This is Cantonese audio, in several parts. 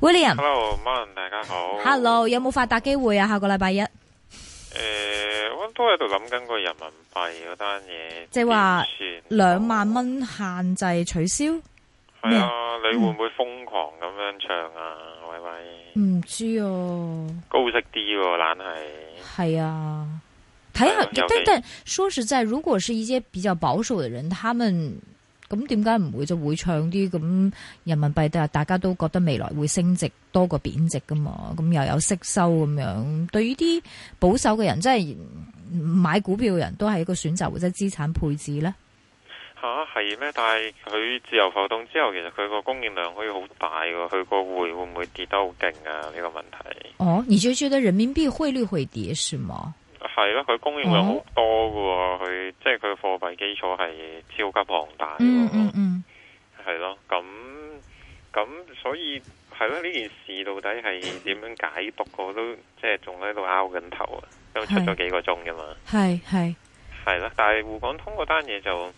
William，Hello，Morning 大家好。Hello，有冇發達機會啊？下個禮拜一。誒、欸，我都喺度諗緊個人民幣嗰單嘢。即係話兩萬蚊限制取消。係啊，你會唔會瘋狂咁樣唱啊？喂、嗯、喂。唔知哦、啊。高息啲喎，但係。係啊，睇下。啊看看對 okay. 但但說實在，如果是一些比較保守嘅人，他們。咁點解唔會就會唱啲咁人民幣？但係大家都覺得未來會升值多過貶值噶嘛？咁又有息收咁樣，對於啲保守嘅人，即係買股票嘅人都係一個選擇，或者資產配置咧。吓係咩？但係佢自由浮動之後，其實佢個供應量可以好大噶，佢個匯會唔會，會跌得好勁啊？呢、這個問題。哦，你就覺得人民幣匯率會跌是嗎？係咯，佢供應量好多噶，佢、啊、即係佢貨幣基礎係超級龐大的。嗯嗯嗯，係、嗯、咯，咁咁所以係咯，呢件事到底係點樣解讀，我都即係仲喺度拗緊頭啊！都出咗幾個鐘噶嘛，係係係啦。但係滬港通嗰單嘢就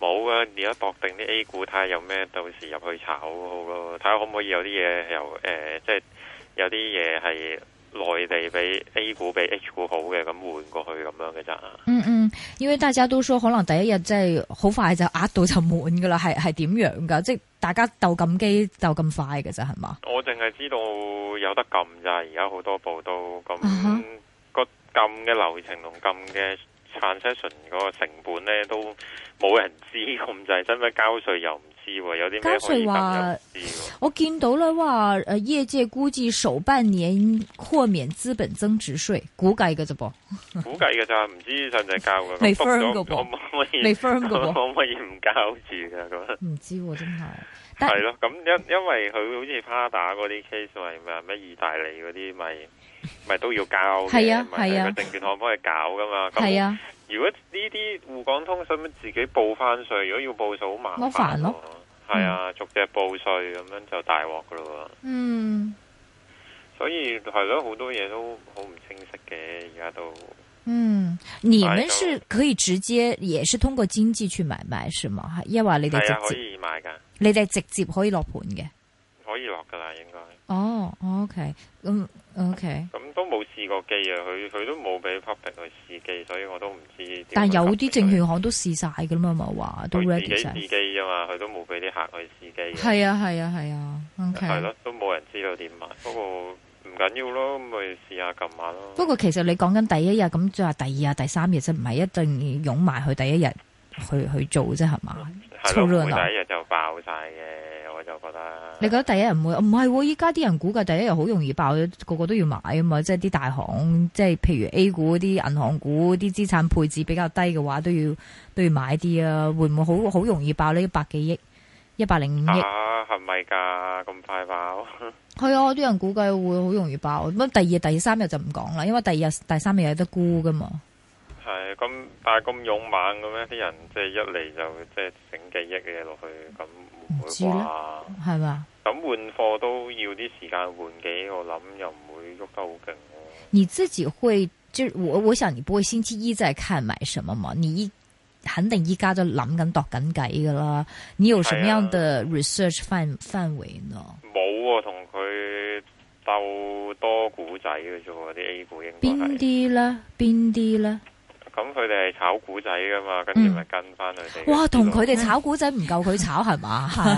冇啊，而家度定啲 A 股，睇下有咩到時入去炒的好咯，睇下可唔可以有啲嘢，又，誒、呃、即係有啲嘢係。內地比 A 股比 H 股好嘅，咁換過去咁樣嘅咋？嗯嗯，因為大家都說可能第一日即係好快就額度就滿噶啦，係係點樣噶？即係大家鬥撳機鬥咁快嘅咋？係嘛？我淨係知道有得撳咋，而家好多報道，咁個撳嘅流程同撳嘅 transaction 嗰個成本咧都冇人知，咁就係，因為交稅又。唔。乾脆話我見到咧話，誒，業界估計首半年豁免資本增值稅，估計嘅啫噃，估計嘅咋，唔知真定交嘅，未 firm 未 firm 嘅可以唔交住嘅咁，唔 知真係係咯，咁、 嗯、因因為佢好似怕打嗰啲 case，咪咩咩意大利嗰啲，咪咪都要交嘅，咪係個證券行幫佢搞噶嘛，係啊。如果呢啲滬港通使唔使自己報翻稅？如果要報稅好麻煩，係啊，嗯、逐隻報稅咁樣就大鑊噶咯。嗯，所以係咯，好、啊、多嘢都好唔清晰嘅，而家都。嗯，你們是可以直接，也是通過經紀去買賣，是嘛？因為你哋直接、啊、可以買噶，你哋直接可以落盤嘅，可以落噶啦，應該。哦，OK，咁 OK。嗯 okay 都冇試過機啊！佢佢都冇俾 public 去試機，所以我都唔知。但係有啲證券行都試曬㗎啦嘛，話都咧其實。佢自己試機啫嘛，佢都冇俾啲客去試機。係啊係啊係啊，OK。係咯，都冇人知道點買。不過唔緊要咯，咁咪試下撳下咯。不過其實你講緊第一日咁，即係話第二日、第三日啫，唔係一定擁埋去第一日去去做啫，係嘛？係咯，第一日就爆曬嘅。你覺得第一日唔會？唔係依家啲人估計第一日好容易爆，個個都要買啊嘛！即係啲大行，即係譬如 A 股啲銀行股啲資產配置比較低嘅話，都要都要買啲啊！會唔會好好容易爆呢？一百幾億，一百零五億啊？係咪㗎？咁快爆？係 啊！啲人估計會好容易爆。咁第二日、第三日就唔講啦，因為第二日、第三日有得估噶嘛。係咁，但係咁勇猛噉樣？啲人即係一嚟就即係整幾億嘅嘢落去，咁唔會啩？係嘛？是吧？咁換貨都要啲時間換幾，我諗又唔會喐得好勁咯。你自己會就我，我想你不會星期一再看買什麼嘛？你一肯定依家都諗緊、度緊計噶啦。你有什麼樣嘅 research 範範圍呢？冇啊，同佢鬥多股仔嘅啫。嗰啲 A 股應該係邊啲咧？邊啲咧？咁佢哋係炒股仔噶嘛，跟住咪跟翻佢哋。哇，同佢哋炒股仔唔夠佢炒係嘛？係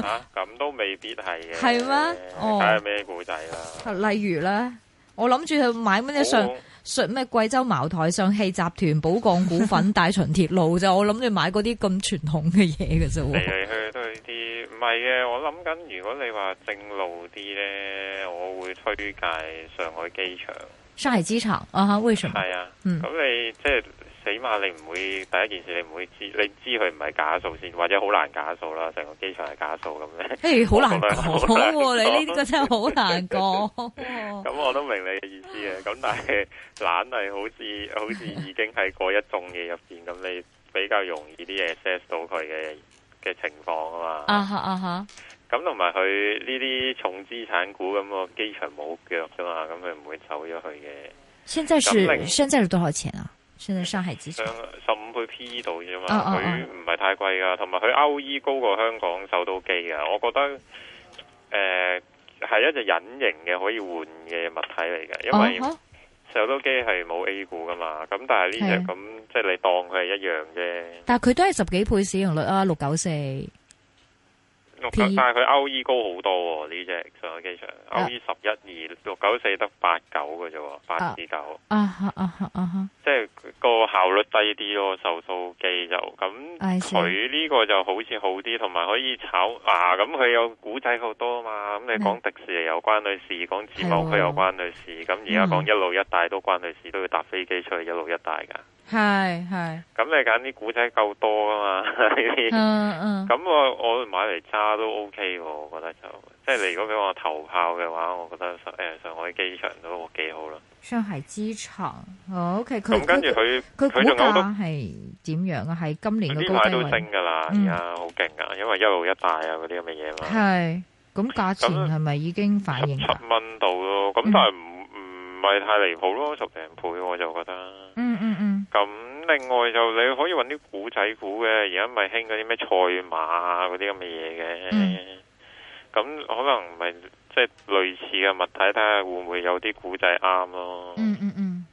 啊，咁都未必係嘅。係咩？哦，睇下咩股仔啦。例如咧，我諗住去買乜嘢上，上咩貴州茅台、上汽集團、寶鋼股份、大秦鐵路 就我那那，我諗住買嗰啲咁傳統嘅嘢嘅啫。嚟嚟去去都係啲，唔係嘅。我諗緊，如果你話正路啲咧，我會推介上海機場。上海機場啊，uh-huh, 為什麼？係啊，咁、嗯、你即係起碼你唔會第一件事你唔會知，你知佢唔係假數先，或者好難假數啦，成個機場係假數咁咧。誒，好難講好，你呢個真係好難講。咁我都明你嘅意思嘅。咁但係懶係好似好似已經喺嗰一眾嘢入邊，咁 你比較容易啲嘢 assess 到佢嘅嘅情況啊嘛。啊哈啊哈。咁同埋佢呢啲重資產股咁啊，機場冇腳啫嘛，咁佢唔會走咗去嘅。現在是現在是多少錢啊？現在上海資產十五倍 PE 度啫嘛，佢唔係太貴噶。同埋佢 ROE 高過香港首都機啊，我覺得誒係、呃、一隻隱形嘅可以換嘅物體嚟嘅，因為首都機係冇 A 股噶嘛。咁、哦、但係呢隻咁即係你當佢係一樣啫。但佢都係十幾倍市盈率啊，六九四。P. 但係佢 o E 高好多喎、哦，呢隻上海機場 o E 十一二六九四得八九嘅啫喎，八至九。8, uh, uh, uh, uh, uh, uh, uh, 即係個效率低啲咯、哦，售數機就咁。佢、嗯、呢個就好似好啲，同埋可以炒啊！咁佢有故仔好多啊嘛。咁你講迪士尼有關女士，講、yeah. 自貿區有關女士，咁而家講一路一帶都關女士、mm-hmm. 都要搭飛機出去一路一帶噶。係係，咁你揀啲股仔夠多噶嘛？呢啲咁我我買嚟揸都 O K 喎。我覺得就即係你如果畀我投炮嘅話，我覺得上誒上海機場都幾好啦。上海機場 OK，佢佢佢價格係點樣啊？係今年嘅高價位呢？排都升噶啦，而家好勁噶，因為一路一帶啊嗰啲咁嘅嘢嘛。係，咁價錢係咪已經反映七蚊度咯？咁但係唔唔係太離譜咯，十零倍我就覺得。嗯嗯嗯。咁另外就你可以揾啲古仔股嘅，而家咪興嗰啲咩賽馬嗰啲咁嘅嘢嘅。咁、嗯、可能唔係即係類似嘅物體，睇下會唔會有啲古仔啱咯。嗯嗯嗯，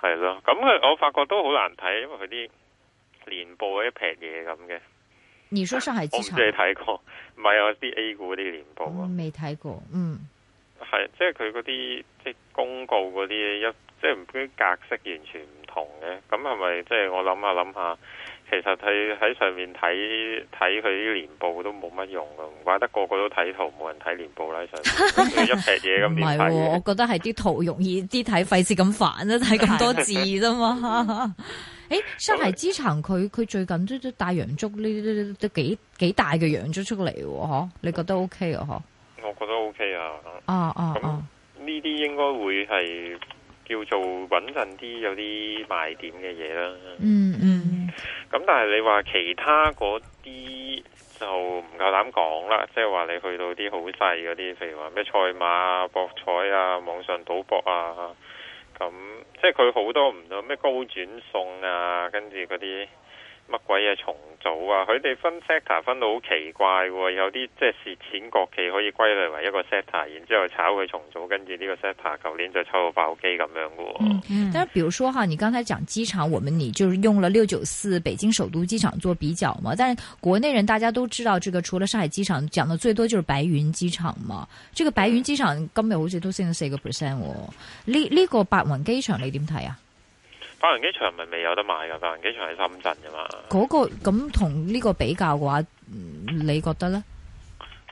係、嗯、咯。咁佢我發覺都好難睇，因為佢啲年報一撇嘢咁嘅。你說上海？我唔知睇過，唔係有啲 A 股啲年報啊。未、嗯、睇過，嗯。係即係佢嗰啲即係公告嗰啲一即係唔啲格式完全。唔。嘅，咁係咪即係我諗下諗下，其實睇喺上面睇睇佢啲年報都冇乜用噶，唔怪得個個都睇圖，冇人睇年報啦。上面， 一撇嘢咁。唔係，我覺得係啲圖容易啲睇，費事咁煩啦，睇咁多字啫嘛。誒、 欸，沙皮之層，佢佢最近都都大陽燭，呢啲都幾幾大嘅陽燭出嚟，嗬？你覺得 OK 啊？嗬？我覺得 OK 啊。啊啊呢啲、啊、應該會係。叫做穩陣啲有啲賣點嘅嘢啦。嗯嗯。咁但係你話其他嗰啲就唔夠膽講啦。即係話你去到啲好細嗰啲，譬如話咩賽馬、博彩啊、網上賭博啊。咁即係佢好多唔到咩高轉送啊，跟住嗰啲。乜鬼嘢、啊、重組啊！佢哋分 sector 分到好奇怪喎，哦，有啲即係蝕錢國企可以歸類為一個 sector 然之後炒佢重組，跟住呢個 sector 舊年就抽到爆機咁樣嘅，哦嗯。嗯，但係比如說哈，你剛才講機場，我們你就是用了六九四北京首都機場做比較嘛。但係國內人大家都知道，這個除了上海機場講的最多就是白雲機場嘛。這個白雲機場今日，好似都升咗四個 percent 哦。呢呢，這個白雲機場你點睇啊？白雲機場咪未有得賣噶？白雲機場喺深圳噶嘛？嗰、嗰個咁同呢個比較嘅話，你覺得咧？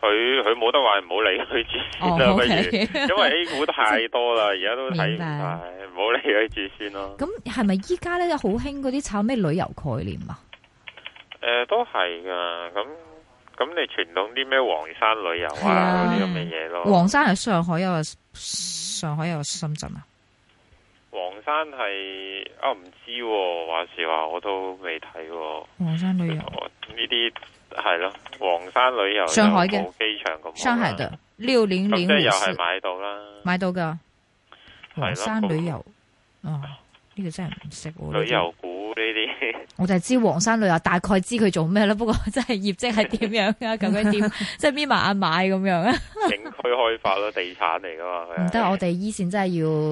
佢佢冇得話，唔好理佢住先不、啊 oh, okay. 如，因為 A 股太多啦，而 家、就是、都睇唔埋，唔好、哎、理佢住先咯、啊。咁係咪依家咧好興嗰啲炒咩旅遊概念啊？誒、呃，都係噶。咁咁，你傳統啲咩黃山旅遊啊？嗰啲咁嘅嘢咯。黃山係上海有，上海有，深圳啊？山係啊，唔知，話時話我都未睇。黃山旅遊呢啲係咯，黃山旅遊上海嘅，上海嘅六零零五四。咁即係又係買到啦，買到噶。黃山旅遊，哦、啊、呢、這個真係唔識喎。旅遊股呢啲，我就係知黃山旅遊大概知佢做咩啦，不過真係業績係點樣啊？咁樣點 即係搣埋眼買咁樣啊？ 去開發咯，地產嚟噶嘛？唔得，我哋以前真係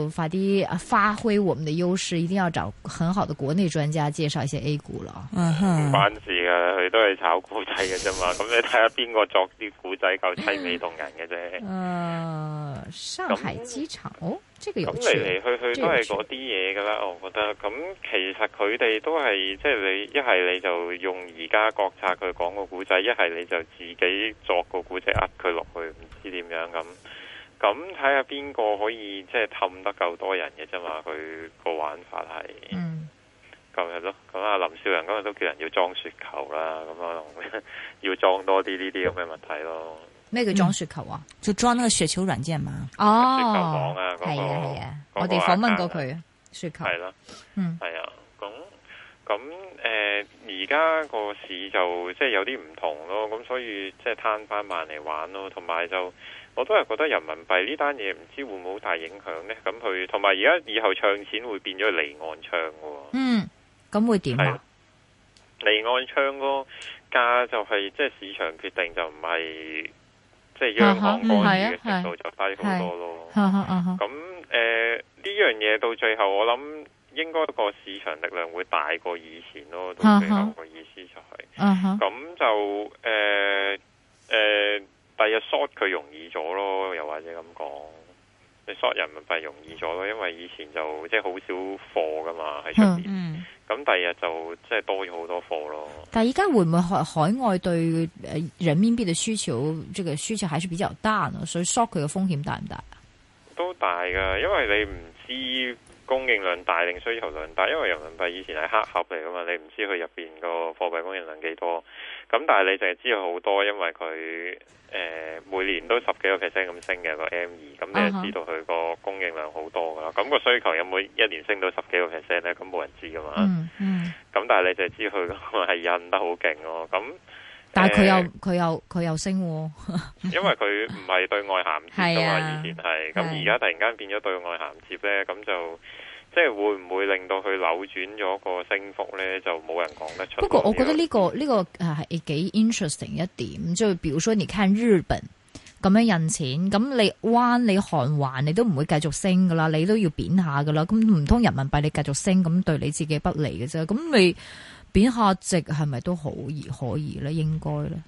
要快啲發揮我們嘅優勢，一定要找很好的國內專家介紹一些 A 股咯。嗯哼。唔關事嘅。都係炒股仔嘅啫嘛，咁你睇下邊個作啲古仔夠淒美動人嘅啫。嗯、呃，上海機場哦，這個有。咁嚟嚟去去都係嗰啲嘢噶啦，我覺得。咁其實佢哋都係即係你一係你就用而家國策去講個古仔，一係你就自己作個古仔呃佢落去，唔知點樣咁。咁睇下邊個可以即係氹得夠多人嘅啫嘛？佢個玩法係。嗯。咁係咯，咁阿林少陽今日都叫人要裝雪球啦，咁可能要裝多啲呢啲咁嘅問題咯。咩叫裝雪球啊？嗯、就裝個雪球軟件嘛？哦，係啊係、那個啊，啊，那個、啊，我哋訪問過佢、啊、雪球係啦，嗯，係啊。咁咁誒，而家個市就即係有啲唔同咯，咁所以即係攤翻慢嚟玩咯。同埋就我都係覺得人民幣呢單嘢，唔知會唔會好大影響咧。咁佢同埋而家以後唱錢會變咗離岸唱嘅，嗯。咁會點啊？離、啊、岸窗個價就係、是、即係市場決定就，就唔係即係央行干預嘅程度就低好多咯。咁誒呢樣嘢到最後我諗應該個市場力量會大過以前咯。最後個意思就係、是，咁、啊啊、就誒誒第日 short 佢容易咗咯，又或者咁講。short 人民幣容易咗咯，因為以前就即係好少貨噶嘛喺上邊，咁第二日就即係多咗好多貨咯。但係而家會唔會海海外對誒人民幣嘅需求，即、這個需求還是比較大呢？所以 short 佢嘅風險大唔大啊？都大噶，因為你唔知。供應量大定需求量大，因為人民幣以前係黑盒嚟噶嘛，你唔知佢入邊個貨幣供應量幾多，咁但係你淨係知好多，因為佢誒、呃、每年都十幾個 percent 咁升嘅個 M 二，咁你就知道佢個供應量好多噶啦，咁個需求有冇一年升到十幾個 percent 咧？咁冇人知噶嘛，咁、嗯嗯、但係你就知佢係印得好勁咯，咁。但係佢又佢、呃、又佢又升喎，因為佢唔係對外銜接噶嘛， 啊、而以前係咁、啊、而家突然間變咗對外銜接咧，咁、啊、就即係、就是、會唔會令到佢扭轉咗個升幅咧？就冇人講得出。不過我覺得呢、這個呢、這個係幾 interesting 一點，即、就、係、是、比如說你看日本咁樣印錢，咁你彎你韓環，你都唔會繼續升噶啦，你都要貶下噶啦，咁唔通人民幣你繼續升咁對你自己不利嘅啫，咁你。貶價值係咪都好易可以咧？應該咧，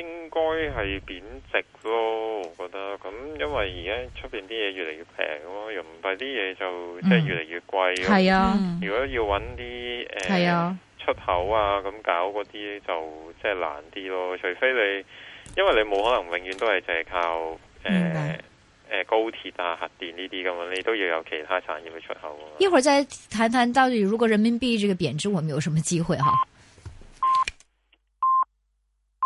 應該係貶值咯。我覺得咁，因為而家出邊啲嘢越嚟越平咯，又唔係啲嘢就即係越嚟越貴。係、嗯嗯、啊，如果要揾啲誒出口啊，咁搞嗰啲就即係難啲咯。除非你，因為你冇可能永遠都係就係靠誒。呃誒、呃，高鐵啊，核電呢啲咁樣，你都要有其他產業去出口。一會兒再談談到底如果人民幣這個貶值，我們有什麼機會？哈。